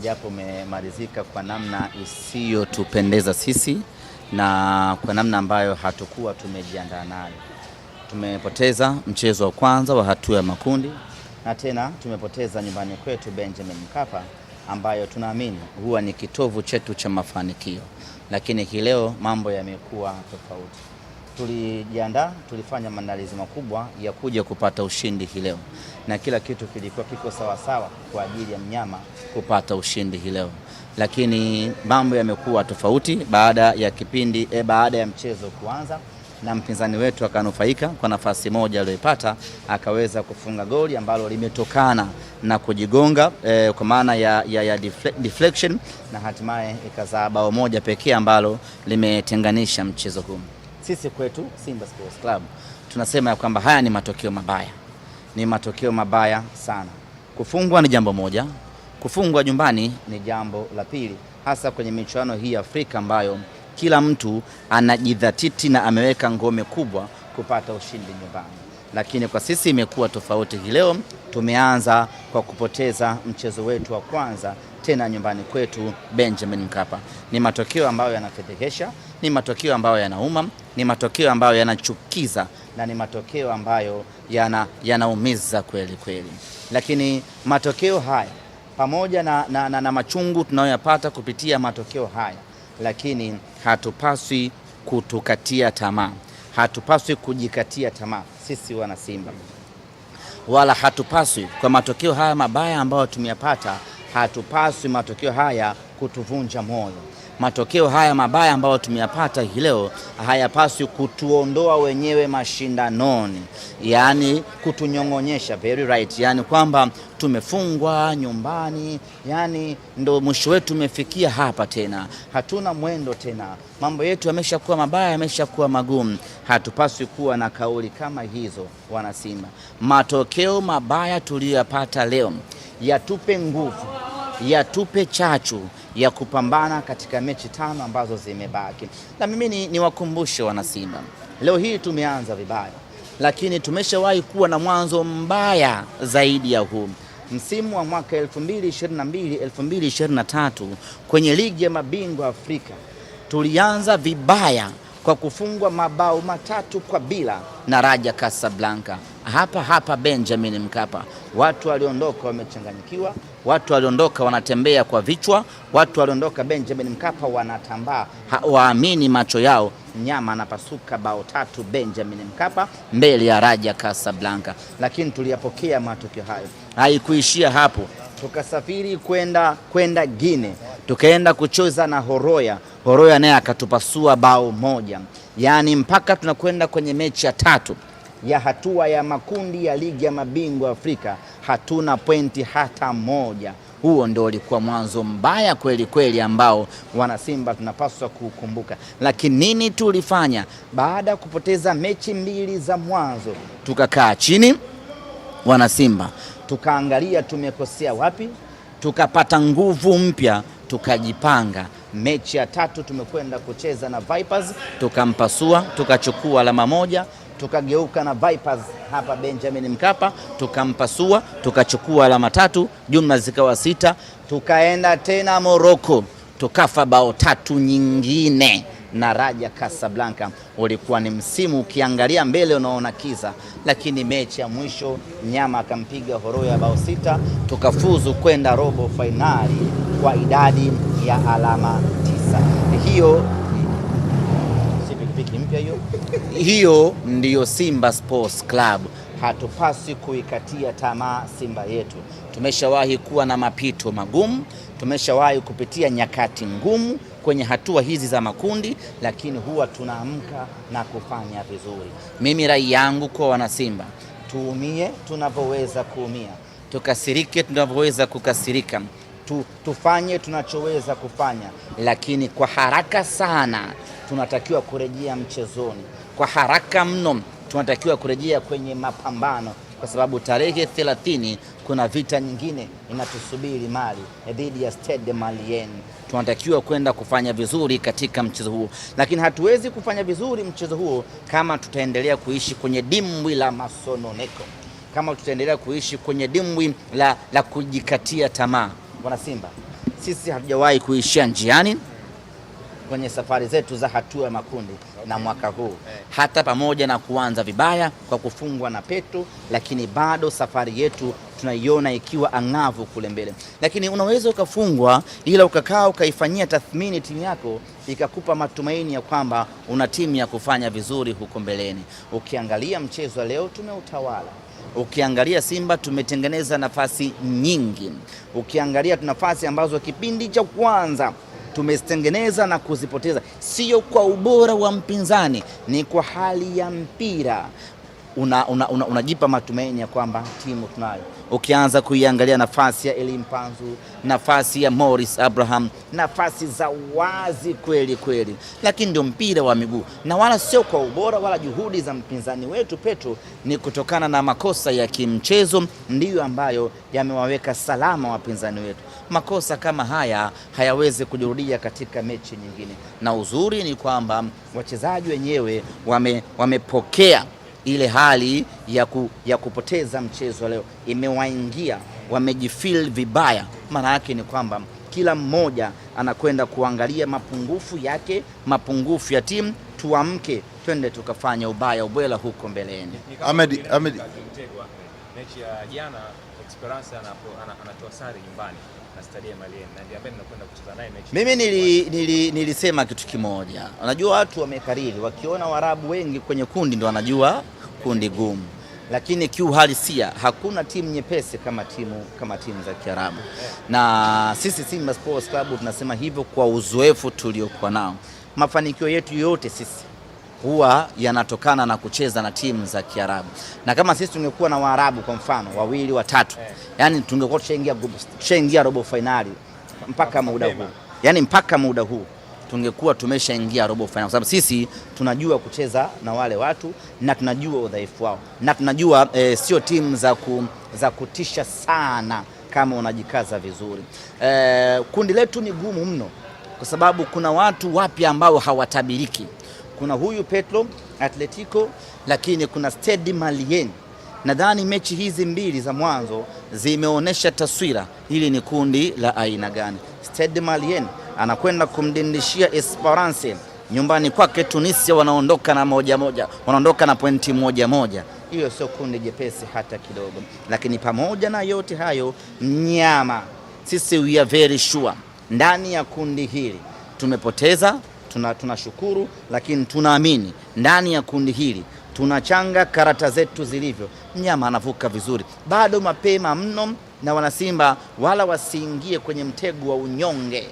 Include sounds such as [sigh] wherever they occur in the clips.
Japo umemalizika kwa namna isiyotupendeza sisi na kwa namna ambayo hatukuwa tumejiandaa nayo. Tumepoteza mchezo wa kwanza wa hatua ya makundi na tena tumepoteza nyumbani kwetu Benjamin Mkapa, ambayo tunaamini huwa ni kitovu chetu cha mafanikio, lakini hii leo mambo yamekuwa tofauti tulijiandaa, tulifanya maandalizi makubwa ya kuja kupata ushindi hii leo, na kila kitu kilikuwa kiko sawasawa sawa kwa ajili ya mnyama kupata ushindi hii leo, lakini mambo yamekuwa tofauti baada ya kipindi e, baada ya mchezo kuanza na mpinzani wetu akanufaika kwa nafasi moja aliyoipata, akaweza kufunga goli ambalo limetokana na kujigonga e, kwa maana ya, ya, ya defle, deflection na hatimaye ikazaa bao moja pekee ambalo limetenganisha mchezo huu. Sisi kwetu Simba Sports Club tunasema ya kwamba haya ni matokeo mabaya, ni matokeo mabaya sana. Kufungwa ni jambo moja, kufungwa nyumbani ni jambo la pili, hasa kwenye michuano hii ya Afrika ambayo kila mtu anajidhatiti na ameweka ngome kubwa kupata ushindi nyumbani, lakini kwa sisi imekuwa tofauti. Hii leo tumeanza kwa kupoteza mchezo wetu wa kwanza tena nyumbani kwetu Benjamin Mkapa. Ni matokeo ambayo yanafedhehesha, ni matokeo ambayo yanauma, ni matokeo ambayo yanachukiza na ni matokeo ambayo yanaumiza kweli kweli, lakini matokeo haya pamoja na, na, na, na machungu tunayoyapata kupitia matokeo haya, lakini hatupaswi kutukatia tamaa, hatupaswi kujikatia tamaa sisi wana Simba, wala hatupaswi kwa matokeo haya mabaya ambayo tumeyapata hatupaswi matokeo haya kutuvunja moyo. Matokeo haya mabaya ambayo tumeyapata hii leo hayapaswi kutuondoa wenyewe mashindanoni, yaani kutunyong'onyesha. Very right, yaani kwamba tumefungwa nyumbani, yaani ndo mwisho wetu umefikia hapa, tena hatuna mwendo tena, mambo yetu yameshakuwa mabaya, yameshakuwa magumu. Hatupaswi kuwa na kauli kama hizo, wanasimba Matokeo mabaya tuliyoyapata leo yatupe nguvu yatupe chachu ya kupambana katika mechi tano ambazo zimebaki. Na mimi ni, ni wakumbushe wanasimba, leo hii tumeanza vibaya, lakini tumeshawahi kuwa na mwanzo mbaya zaidi ya huu. Msimu wa mwaka 2022 2023 kwenye ligi ya mabingwa Afrika tulianza vibaya kwa kufungwa mabao matatu kwa bila na Raja Casablanca hapa hapa Benjamin Mkapa. Watu waliondoka wamechanganyikiwa, watu waliondoka wanatembea kwa vichwa, watu waliondoka Benjamin Mkapa wanatambaa, waamini macho yao. nyama anapasuka bao tatu Benjamin Mkapa mbele ya Raja Casablanca. Lakini tuliyapokea matukio hayo, haikuishia hapo tukasafiri kwenda kwenda Gine, tukaenda kucheza na Horoya. Horoya naye akatupasua bao moja, yaani mpaka tunakwenda kwenye mechi ya tatu ya hatua ya makundi ya ligi ya mabingwa Afrika hatuna pointi hata moja. Huo ndio ulikuwa mwanzo mbaya kweli kweli ambao wanasimba tunapaswa kukumbuka. Lakini nini tulifanya baada ya kupoteza mechi mbili za mwanzo? Tukakaa chini wanasimba, tukaangalia tumekosea wapi, tukapata nguvu mpya, tukajipanga mechi ya tatu tumekwenda kucheza na Vipers, tukampasua, tukachukua alama moja tukageuka na Vipers hapa Benjamin Mkapa, tukampasua tukachukua alama tatu, jumla zikawa sita. Tukaenda tena Morocco tukafa bao tatu nyingine na Raja Casablanca. Ulikuwa ni msimu, ukiangalia mbele unaona kiza, lakini mechi ya mwisho nyama akampiga Horoya bao sita, tukafuzu kwenda robo fainali kwa idadi ya alama tisa. Hiyo hiyo ndiyo Simba Sports Club. Hatupasi kuikatia tamaa Simba yetu. Tumeshawahi kuwa na mapito magumu, tumeshawahi kupitia nyakati ngumu kwenye hatua hizi za makundi, lakini huwa tunaamka na kufanya vizuri. Mimi rai yangu kwa wanasimba, tuumie tunavyoweza kuumia, tukasirike tunavyoweza kukasirika, tu, tufanye tunachoweza kufanya, lakini kwa haraka sana tunatakiwa kurejea mchezoni kwa haraka mno tunatakiwa kurejea kwenye mapambano kwa sababu tarehe 30 kuna vita nyingine inatusubiri Mali eh, dhidi ya Stade Malien. Tunatakiwa kwenda kufanya vizuri katika mchezo huo, lakini hatuwezi kufanya vizuri mchezo huo kama tutaendelea kuishi kwenye dimbwi la masononeko, kama tutaendelea kuishi kwenye dimbwi la, la kujikatia tamaa. Wana Simba, sisi hatujawahi kuishia njiani kwenye safari zetu za hatua ya makundi okay. na mwaka huu eh. hata pamoja na kuanza vibaya kwa kufungwa na Petro, lakini bado safari yetu tunaiona ikiwa ang'avu kule mbele. Lakini unaweza ukafungwa, ila ukakaa ukaifanyia tathmini timu yako, ikakupa matumaini ya kwamba una timu ya kufanya vizuri huko mbeleni. Ukiangalia mchezo wa leo tumeutawala Ukiangalia Simba tumetengeneza nafasi nyingi, ukiangalia tuna nafasi ambazo kipindi cha kwanza tumezitengeneza na kuzipoteza, sio kwa ubora wa mpinzani, ni kwa hali ya mpira. Unajipa una, una, una matumaini ya kwamba timu tunayo. Ukianza kuiangalia nafasi ya Eli Mpanzu, nafasi ya Morris Abraham, nafasi za wazi kweli kweli, lakini ndio mpira wa miguu, na wala sio kwa ubora wala juhudi za mpinzani wetu Petro, ni kutokana na makosa ya kimchezo ndiyo ambayo yamewaweka salama wapinzani wetu makosa kama haya hayawezi kujirudia katika mechi nyingine, na uzuri ni kwamba wachezaji wenyewe wame, wamepokea ile hali ya, ku, ya kupoteza mchezo leo imewaingia, wamejifil vibaya. Maana yake ni kwamba kila mmoja anakwenda kuangalia mapungufu yake, mapungufu ya timu. Tuamke, twende tukafanya ubaya ubwela huko mbeleni. Ahmed, Ahmed mechi ya jana Esperance anatoa sare nyumbani mimi nili, nili, nilisema kitu kimoja, unajua watu wamekariri, wakiona Waarabu wengi kwenye kundi ndo wanajua kundi gumu, lakini kiuhalisia hakuna timu nyepesi kama timu kama timu za Kiarabu Na sisi Simba Sports Club tunasema hivyo kwa uzoefu tuliokuwa nao, mafanikio yetu yote sisi huwa yanatokana na kucheza na timu za Kiarabu, na kama sisi tungekuwa na Waarabu kwa mfano wawili watatu, eh. yani tungekuwa tushaingia tushaingia robo fainali mpaka muda huu, yani mpaka muda huu tungekuwa tumeshaingia robo fainali, kwa sababu sisi tunajua kucheza na wale watu na tunajua udhaifu wao na tunajua e, sio timu za, ku, za kutisha sana kama unajikaza vizuri. E, kundi letu ni gumu mno, kwa sababu kuna watu wapya ambao hawatabiriki kuna huyu Petro Atletico, lakini kuna Stade Malien. Nadhani mechi hizi mbili za mwanzo zimeonyesha taswira hili ni kundi la aina gani. Stade Malien anakwenda kumdindishia Esperance nyumbani kwake Tunisia, wanaondoka na moja moja, wanaondoka na pointi moja moja. Hiyo sio kundi jepesi hata kidogo, lakini pamoja na yote hayo, mnyama, sisi we are very sure ndani ya kundi hili tumepoteza tunashukuru tuna, lakini tunaamini ndani ya kundi hili tunachanga karata zetu zilivyo, mnyama anavuka vizuri, bado mapema mno, na wanasimba wala wasiingie kwenye mtego wa unyonge.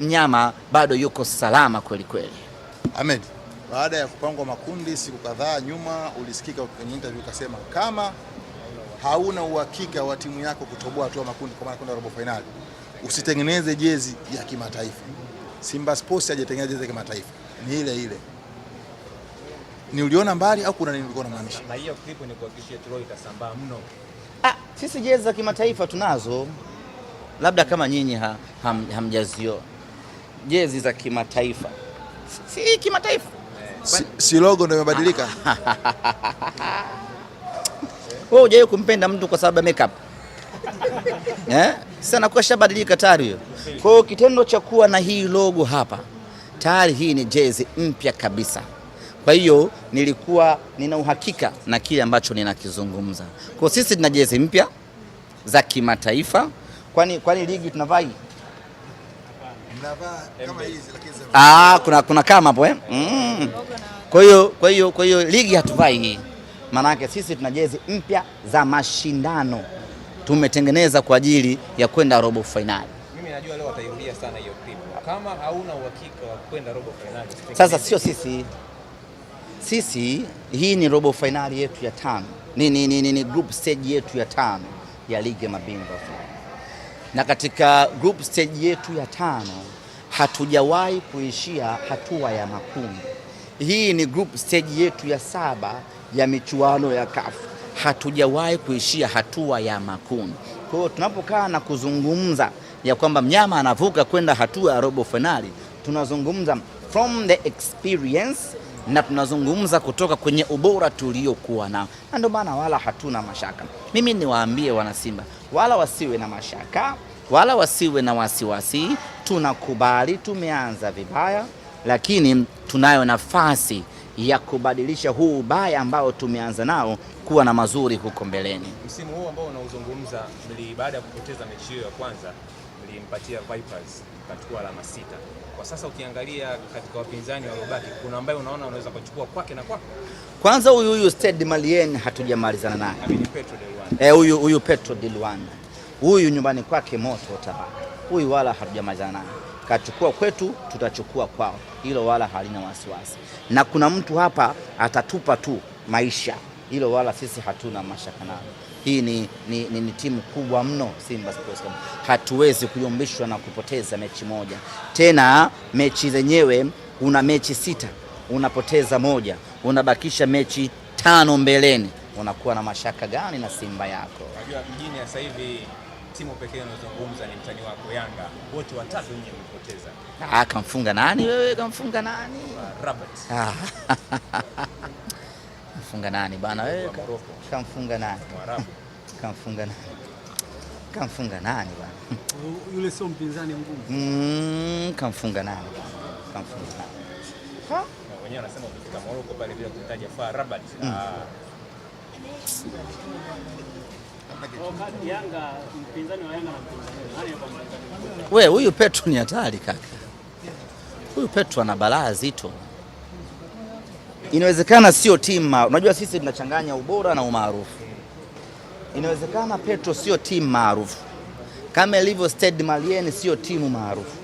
Mnyama bado yuko salama kweli kweli. Ahmed, baada ya kupangwa makundi siku kadhaa nyuma, ulisikika kwenye interview ukasema kama hauna uhakika wa timu yako kutoboa hatua makundi kwa maana kwenda robo finali, usitengeneze jezi ya kimataifa. Simba Sports hajatengeneza jezi ya kimataifa, ni ile ile. Ni uliona mbali au kuna nini ulikuwa unamaanisha? Na hiyo clip ni kuhakikishia Troy itasambaa mno. Ah, sisi jezi za kimataifa tunazo, labda kama nyinyi ha, ham, hamjazio jezi za kimataifa si kimataifa si, si logo ndio imebadilika. [laughs] Wewe hujawahi kumpenda mtu kwa sababu ya makeup [laughs] eh? sasa nakuwa shabadilika tayari hiyo. Kwa hiyo kitendo cha kuwa na hii logo hapa tayari, hii ni jezi mpya kabisa. Kwa hiyo nilikuwa nina uhakika na kile ambacho ninakizungumza. Kwa sisi tuna jezi mpya za kimataifa, kwani kwani ligi tunavaa hii Ah, kuna kuna kama hapo eh? Mm. Kwa hiyo kwa hiyo kwa hiyo ligi hatuvai hii. Maana yake sisi tuna jezi mpya za mashindano tumetengeneza kwa ajili ya kwenda robo fainali. Mimi najua leo wataimbia sana hiyo clip. Kama hauna uhakika wa kwenda robo fainali. Sasa sio sisi sisi, hii ni robo fainali yetu ya tano, Ni, ni, ni, ni, ni group stage yetu ya tano ya ligi ya mabingwa na katika group stage yetu ya tano hatujawahi kuishia hatua ya makundi. Hii ni group stage yetu ya saba ya michuano ya kafu hatujawahi kuishia hatua ya makundi. Kwa hiyo tunapokaa na kuzungumza ya kwamba mnyama anavuka kwenda hatua ya robo fainali, tunazungumza from the experience na tunazungumza kutoka kwenye ubora tuliokuwa nao, na ndio maana wala hatuna mashaka. Mimi niwaambie wanasimba, wala wasiwe na mashaka, wala wasiwe na wasiwasi. Tunakubali tumeanza vibaya, lakini tunayo nafasi ya kubadilisha huu ubaya ambao tumeanza nao kuwa na mazuri huko mbeleni. Msimu huu ambao unaozungumza, baada ya kupoteza mechi hiyo ya kwanza, mlimpatia Vipers katika alama sita. Kwa sasa ukiangalia katika wapinzani waliobaki, kuna ambaye unaona unaweza kuchukua kwake na kwako? Kwanza huyu huyu Stade Malien hatujamalizana naye huyu eh, huyu huyu Petro de Luanda huyu nyumbani kwake moto utabaka, huyu, wala hatujamalizana naye kachukua kwetu, tutachukua kwao, hilo wala halina wasiwasi. Na kuna mtu hapa atatupa tu maisha, hilo wala sisi hatuna mashaka nayo. Hii ni, ni, ni, ni timu kubwa mno Simba Sports Club, hatuwezi kuyumbishwa na kupoteza mechi moja. Tena mechi zenyewe, una mechi sita, unapoteza moja, unabakisha mechi tano mbeleni, unakuwa na mashaka gani na Simba yako? Unajua mjini sasa hivi timu pekee unazungumza ni mtani wako Yanga, wote watatu wenye kupoteza. Ah, kamfunga nani wewe? Kamfunga nani? Robert. Ah. [laughs] Kamfunga nani bana wewe? Kamfunga nani? Mwarabu. Kamfunga nani? Kamfunga nani bana? Yule sio mpinzani mgumu. Mm, kamfunga nani? Kamfunga nani? Ha? Wenyewe wanasema ukifika Morocco pale bila kutaja FAR Rabat. Mm. Ah. We, huyu Petro ni hatari kaka, huyu Petro ana balaa zito. Inawezekana sio timu, unajua sisi tunachanganya ubora na umaarufu. Inawezekana Petro sio timu maarufu kama ilivyo Stade Malien sio timu maarufu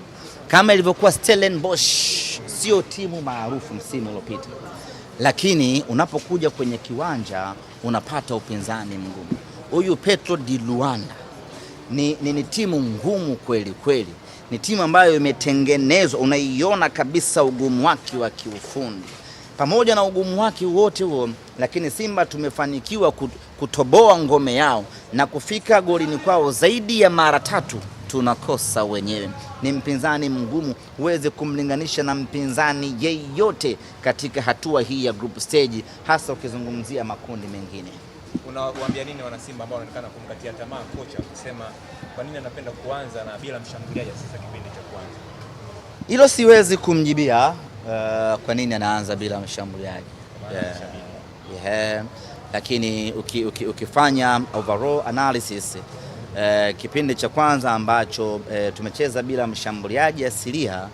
kama ilivyokuwa Stellenbosch sio timu maarufu msimu uliopita, lakini unapokuja kwenye kiwanja unapata upinzani mgumu huyu Petro di Luanda ni, ni, ni timu ngumu kweli kweli, ni timu ambayo imetengenezwa, unaiona kabisa ugumu wake wa kiufundi pamoja na ugumu wake wote huo, lakini Simba tumefanikiwa kutoboa ngome yao na kufika golini kwao zaidi ya mara tatu. Tunakosa wenyewe, ni mpinzani mgumu, huwezi kumlinganisha na mpinzani yeyote katika hatua hii ya group stage, hasa ukizungumzia makundi mengine unawaambia nini wana Simba ambao wanaonekana kumkatia tamaa kocha kusema kwa nini anapenda kuanza na bila mshambuliaji sasa kipindi cha kwanza? Hilo siwezi kumjibia uh, kwa nini anaanza bila mshambuliaji yeah. Yeah. Lakini uki, uki, ukifanya overall analysis uh, kipindi cha kwanza ambacho uh, tumecheza bila mshambuliaji asilia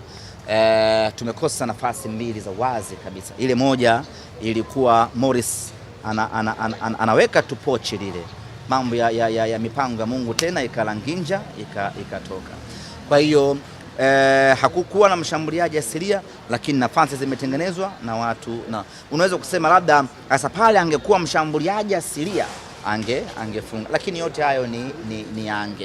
uh, tumekosa nafasi mbili za wazi kabisa. Ile moja ilikuwa Morris ana, ana, ana, ana, anaweka tu pochi lile mambo ya, ya, ya, ya mipango ya Mungu tena ikalanginja ikatoka. Kwa hiyo eh, hakukuwa na mshambuliaji asilia, lakini nafasi zimetengenezwa na watu, na unaweza kusema labda hasa pale angekuwa mshambuliaji asilia ange angefunga, lakini yote hayo ni, ni, ni ange.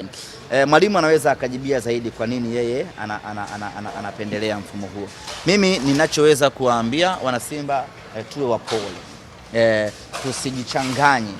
E, eh, mwalimu anaweza akajibia zaidi kwa nini yeye anapendelea ana, ana, ana, ana, anapendelea mfumo huo. Mimi ninachoweza kuwaambia wanasimba eh, tuwe wapole eh, tusijichanganye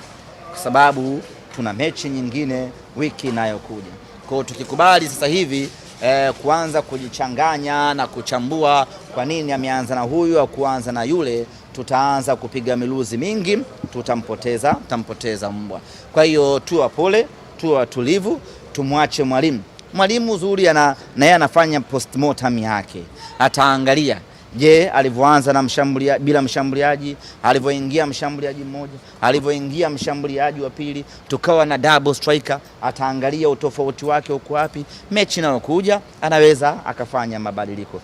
kwa sababu tuna mechi nyingine wiki inayokuja. Kwa hiyo tukikubali sasa hivi eh, kuanza kujichanganya na kuchambua kwa nini ameanza na huyu au kuanza na yule, tutaanza kupiga miluzi mingi, tutampoteza tutampoteza mbwa. Kwa hiyo tuwa pole, tuwa watulivu, tumwache mwalimu. Mwalimu uzuri na yeye anafanya postmortem yake, ataangalia Je, alivyoanza na mshambulia, bila mshambuliaji, alivyoingia mshambuliaji mmoja, alivyoingia mshambuliaji wa pili, tukawa na double striker, ataangalia utofauti wake uko wapi. Mechi inayokuja anaweza akafanya mabadiliko.